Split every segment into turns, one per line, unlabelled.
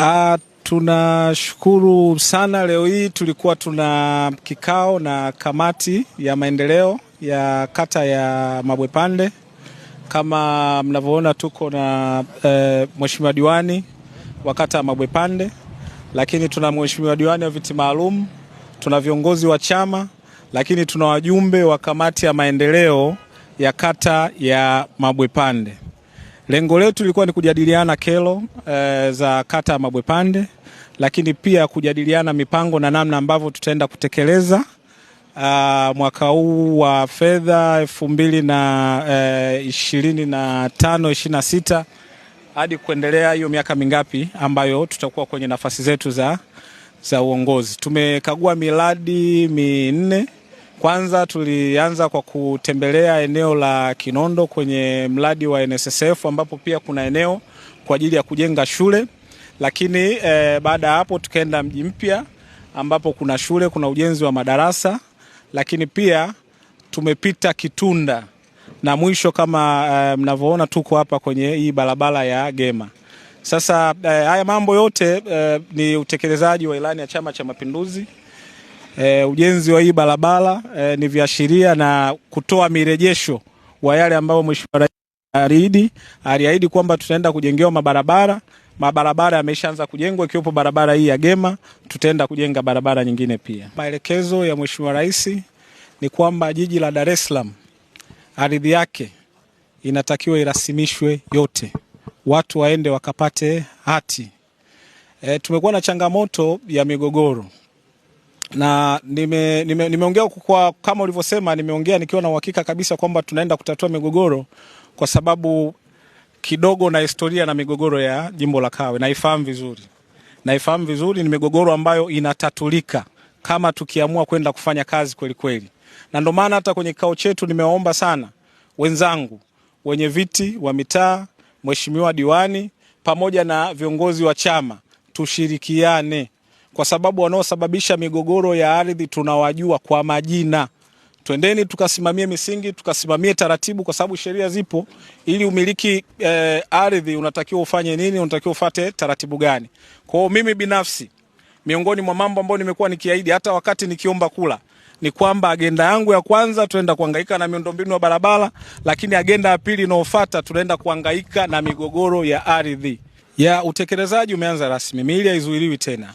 Ah, tunashukuru sana. Leo hii tulikuwa tuna kikao na kamati ya maendeleo ya kata ya Mabwepande. Kama mnavyoona, tuko na eh, mheshimiwa diwani wa kata ya Mabwepande, lakini tuna mheshimiwa diwani wa viti maalum, tuna viongozi wa chama, lakini tuna wajumbe wa kamati ya maendeleo ya kata ya Mabwepande. Lengo letu lilikuwa ni kujadiliana kero e, za kata ya Mabwepande, lakini pia kujadiliana mipango na namna ambavyo tutaenda kutekeleza a, ah, mwaka huu wa fedha elfu mbili na eh, ishirini na tano ishirini na sita hadi kuendelea, hiyo miaka mingapi ambayo tutakuwa kwenye nafasi zetu za, za uongozi. Tumekagua miradi minne kwanza tulianza kwa kutembelea eneo la Kinondo kwenye mradi wa NSSF ambapo pia kuna eneo kwa ajili ya kujenga shule, lakini eh, baada ya hapo tukaenda mji mpya ambapo kuna shule, kuna ujenzi wa madarasa, lakini pia tumepita Kitunda na mwisho kama eh, mnavyoona tuko hapa kwenye hii barabara ya Gema. Sasa eh, haya mambo yote eh, ni utekelezaji wa ilani ya Chama cha Mapinduzi e, ujenzi wa hii barabara e, ni viashiria na kutoa mirejesho wa yale ambayo mheshimiwa rais aliahidi. Aliahidi kwamba tutaenda kujengewa mabarabara. Mabarabara yameshaanza kujengwa, ikiwepo barabara hii ya Gema, tutaenda kujenga barabara nyingine pia. Maelekezo ya mheshimiwa rais ni kwamba jiji la Dar es Salaam ardhi yake inatakiwa irasimishwe yote, watu waende wakapate hati. E, tumekuwa na changamoto ya migogoro na nimeongea nime, nime kwa kama ulivyosema, nimeongea nikiwa na uhakika kabisa kwamba tunaenda kutatua migogoro kwa sababu kidogo na historia na migogoro ya jimbo la Kawe naifahamu vizuri, naifahamu vizuri. Ni migogoro ambayo inatatulika kama tukiamua kwenda kufanya kazi kweli kweli, na ndio maana hata kwenye kikao chetu nimewaomba sana wenzangu wenye viti wa mitaa, mheshimiwa diwani, pamoja na viongozi wa chama tushirikiane kwa sababu wanaosababisha migogoro ya ardhi tunawajua kwa majina. Twendeni tukasimamie misingi, tukasimamie taratibu, kwa sababu sheria zipo. Ili umiliki eh, ardhi unatakiwa ufanye nini, unatakiwa ufate taratibu gani? Kwao mimi binafsi, miongoni mwa mambo ambayo nimekuwa nikiahidi hata wakati nikiomba kula ni kwamba agenda yangu ya kwanza tunaenda kuhangaika na miundombinu ya barabara, lakini agenda ya pili inayofuata tunaenda kuhangaika na migogoro ya ardhi. Ya utekelezaji umeanza rasmi, miili haizuiliwi tena.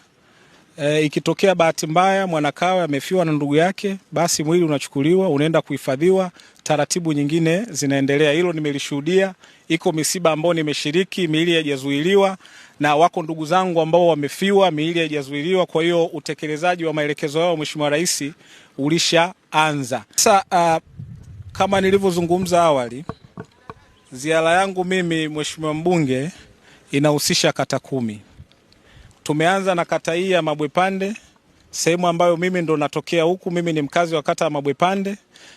E, ikitokea bahati mbaya mwanakawe amefiwa na ndugu yake, basi mwili unachukuliwa unaenda kuhifadhiwa, taratibu nyingine zinaendelea. Hilo nimelishuhudia, iko misiba ambayo nimeshiriki, miili haijazuiliwa, na wako ndugu zangu ambao wamefiwa, miili haijazuiliwa. Kwa hiyo utekelezaji wa maelekezo yao Mheshimiwa Rais ulishaanza sasa. Uh, kama nilivyozungumza awali, ziara yangu mimi Mheshimiwa Mbunge inahusisha kata kumi. Tumeanza na kata hii ya Mabwepande, sehemu ambayo mimi ndo natokea huku. Mimi ni mkazi wa kata ya Mabwepande,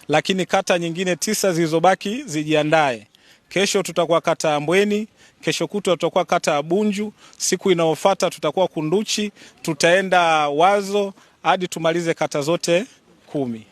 lakini kata nyingine tisa zilizobaki zijiandae. Kesho tutakuwa kata ya Mbweni, kesho kutwa tutakuwa kata ya Bunju, siku inayofuata tutakuwa Kunduchi, tutaenda Wazo hadi tumalize kata zote kumi.